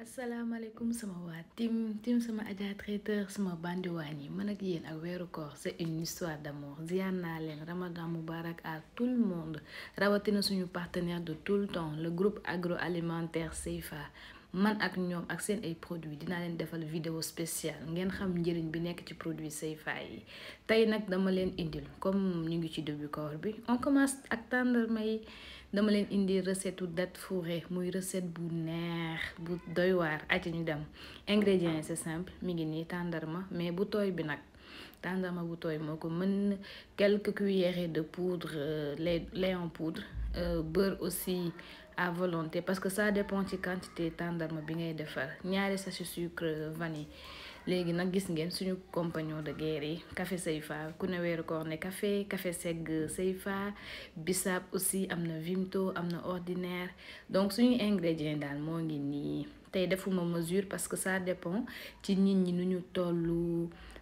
Assalamu sama wa tim tim sama Adja Traiteur sama bande wani ak ak c'est une histoire d'amour diana len ramadan mubarak à tout le monde rawatina suñu partenaire de tout le temps le groupe agroalimentaire Seifa man ak ñoom ak seen ay produits dinaa leen defal vidéo spéciale ngeen xam njëriñ bi nekk ci produit Seyfa yi tey nag dama leen indil comme ñu ngi ci début koor bi on commence ak tàndarma yi dama leen indi recette date fourrée muy recette bu neex bu doy waar aca ñu dem ingrédients c'est simple mi ngi nii tàndarma mais bu tooy bi nag tàndarma bu tooy moo mën quelques cuillères de poudre euh, lait en poudre euh, beurre aussi à volonté parce que ça dépend la quantité tendre bi ngay defar ñaari sachet sucre vanille légui nak gis ngeen suñu compagnon de guerre café Seifa ku ne wéru koor ne café café seg Seifa bisaab aussi amna vimto amna ordinaire donc suñu ingrédient dal mo ngi ni tay defuma mesure parce que ça dépend ci nit ñi nu ñu tollu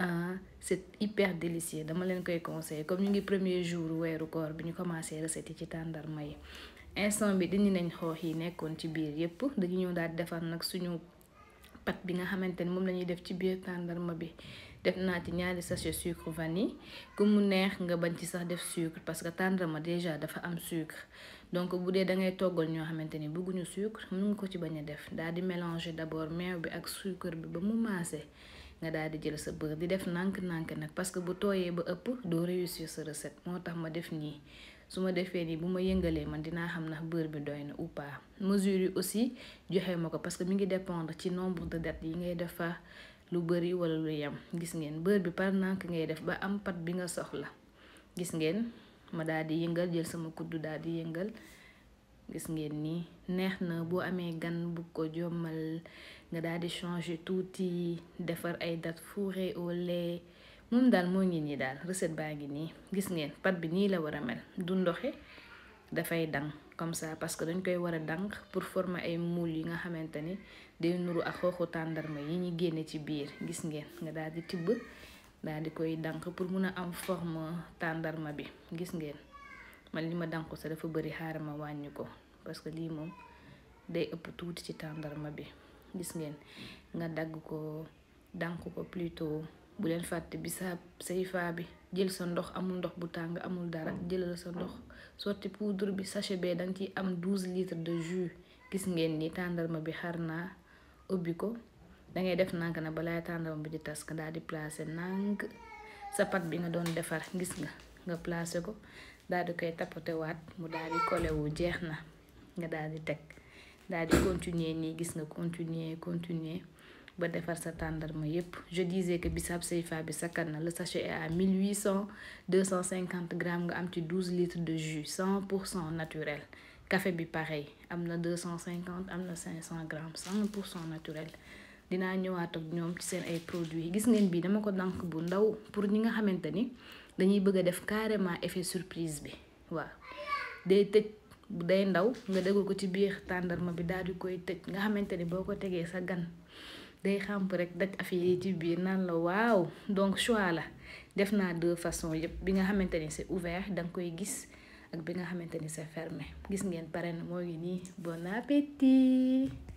ah c'est hyper délicieux dama leen koy conseiller comme ñu premier jour weeru koor bi ñu commencé recette yi ci tandarma. yi instant bi dindi nañ xoox yi nekkoon ci biir yépp dañu ñëw daal di defar suñu pat bi nga xamante ni moom la def ci biir tàndarma bi def ci ñaari sachet sucre vanille ku mu neex nga ban ci sax def sucre parce que tàndarma déjà dafa am sucre donc boudé da ngay togol ñoo xamante ni bëgguñu sucre mun nga ko ci bañ def daal di mélanger d'abord mew bi ak sucre bi ba mu maase nga daal di jël sa beurre di def nank nank nak parce que bu toyé ba ëpp do réussir sa recette motax ma def nii suma défé ni nii yëngalé man dina xam nak beurre bi doyna ou pas mesure aussi joxé mako parce que mi ngi dépendre ci nombre de dates yi ngay defar lu bëri wala lu yam gis ngeen beurre bi par nank ngay def ba am pat bi nga soxla gis ngeen ma daal di yëngal jël sama kuddu daal di yëngal gis ngeen nii neex na boo amee gan bu ko jommal nga daal di changer tuuti defar ay date fourrées au lait moom daal moo ngi nii daal recette baa ngi nii gis ngeen pat bi nii la war a mel du ndoxe dafay dan comme ça parce que dañ koy war a dang pour former ay muul yi nga xamante ni day nuru ak xooxu tàndarma yi ñu génne ci biir gis ngeen nga daal di tibb daal di koy dang pour mun a am forme tàndarma bi gis ngeen. man li ma dànku sa dafa bari xaaral ma wàññi ko parce que lii moom day ëpp tuuti ci tàndarma bi gis ngeen nga dagg ko dànku ko plutôt bu leen fàtte bi sa sayfa bi jël sa ndox amul ndox bu tàng amul dara jëlal sa ndox sotti poudre bi sachet bee am 12 litres de jus gis ngeen ni tàndarma bi xar naa ubbi ko dangay def nànk na balaay tàndarma bi di tas nga daal di placer nànk sa pat bi nga doon defar gis nga nga placer ko daal di koy tapoté waat mu daal di collé wu jeex na nga daal di teg continuer ni gis nga continuer continuer ba defar sa tàndarma yépp je disais que bisaab sayfa bi sakkan na le sachet est à 1800 250 grammes nga am ci 12 litres de jus 100 naturel café bi pareil am na 250 am na 500 grammes 100 naturel dinaa ñëwaat ak ñoom ci seen ay produits gis ngeen bii dama ko le bu ndaw pour ñi nga xamante dañuy bëgg a def carrément effet surprise bi waaw day tëj day ndaw nga je ko ci biir tàndarma bi daal di koy tëj nga xamante ni boo ko tegee sa gan day xàmp rek daj afi ci biir la waaw donc choix la deux façons yëpp bi nga ouvert koy gis ak bi nga fermé gis ngi bon appétit